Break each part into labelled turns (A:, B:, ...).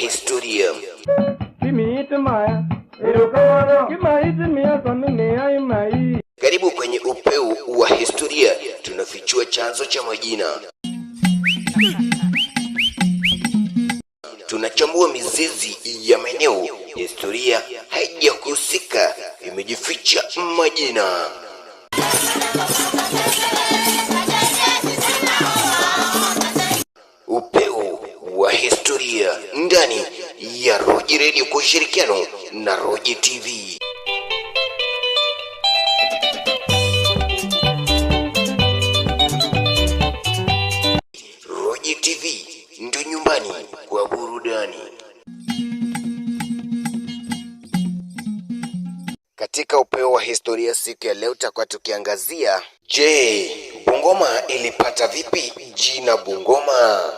A: historia. Karibu kwenye upeu wa historia, tunafichua chanzo cha majina, tunachambua mizizi ya maeneo. Historia haijakusika, imejificha majina. wa historia ndani ya Roji Radio kwa ushirikiano na Roji TV. Roji TV ndio nyumbani kwa burudani. Katika upeo wa historia siku ya leo tutakuwa tukiangazia, je, Bungoma ilipata vipi jina Bungoma?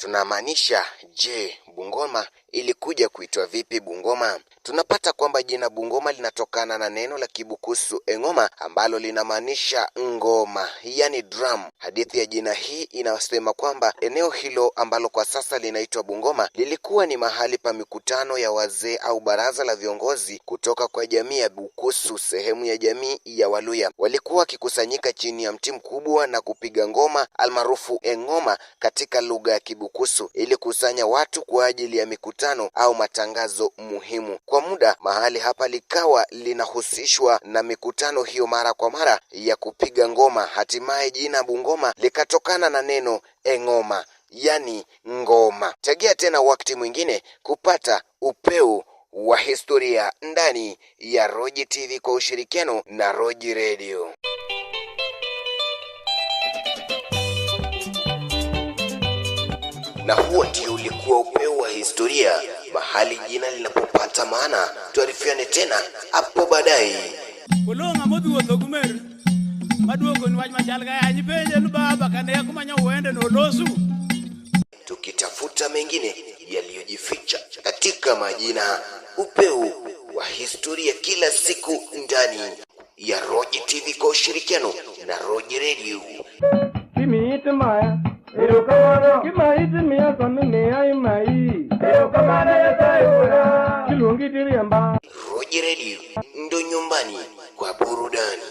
A: Tunamaanisha, je, Bungoma ilikuja kuitwa vipi Bungoma? tunapata kwamba jina Bungoma linatokana na neno la Kibukusu engoma ambalo linamaanisha ngoma, yani drum. Hadithi ya jina hii inasema kwamba eneo hilo ambalo kwa sasa linaitwa Bungoma lilikuwa ni mahali pa mikutano ya wazee au baraza la viongozi kutoka kwa jamii ya Bukusu, sehemu ya jamii ya Waluya. Walikuwa wakikusanyika chini ya mti mkubwa na kupiga ngoma almaarufu engoma katika lugha ya Kibukusu ili kusanya watu kwa ajili ya mikutano au matangazo muhimu. Kwa muda mahali hapa likawa linahusishwa na mikutano hiyo mara kwa mara ya kupiga ngoma. Hatimaye jina Bungoma likatokana na neno engoma, yani ngoma. Tegea tena wakati mwingine kupata upeo wa historia ndani ya Roji TV kwa ushirikiano na Roji Radio. Na huo ndio ulikuwa upeo wa historia mahali jina linapopata maana. Tuarifiane tena hapo baadaye.
B: Kolonga modhi wuotho maduogo ni wach machal ka yanyi penje ni baba kane kumanya uende nolosu,
A: tukitafuta mengine yaliyojificha katika majina, upeo wa historia kila siku ndani ya Roji TV kwa ushirikiano na Roji Radio.
B: Kimi itimaya, irukawana, kima Kilungi Diriamba.
A: Roji Radio ndo nyumbani kwa burudani.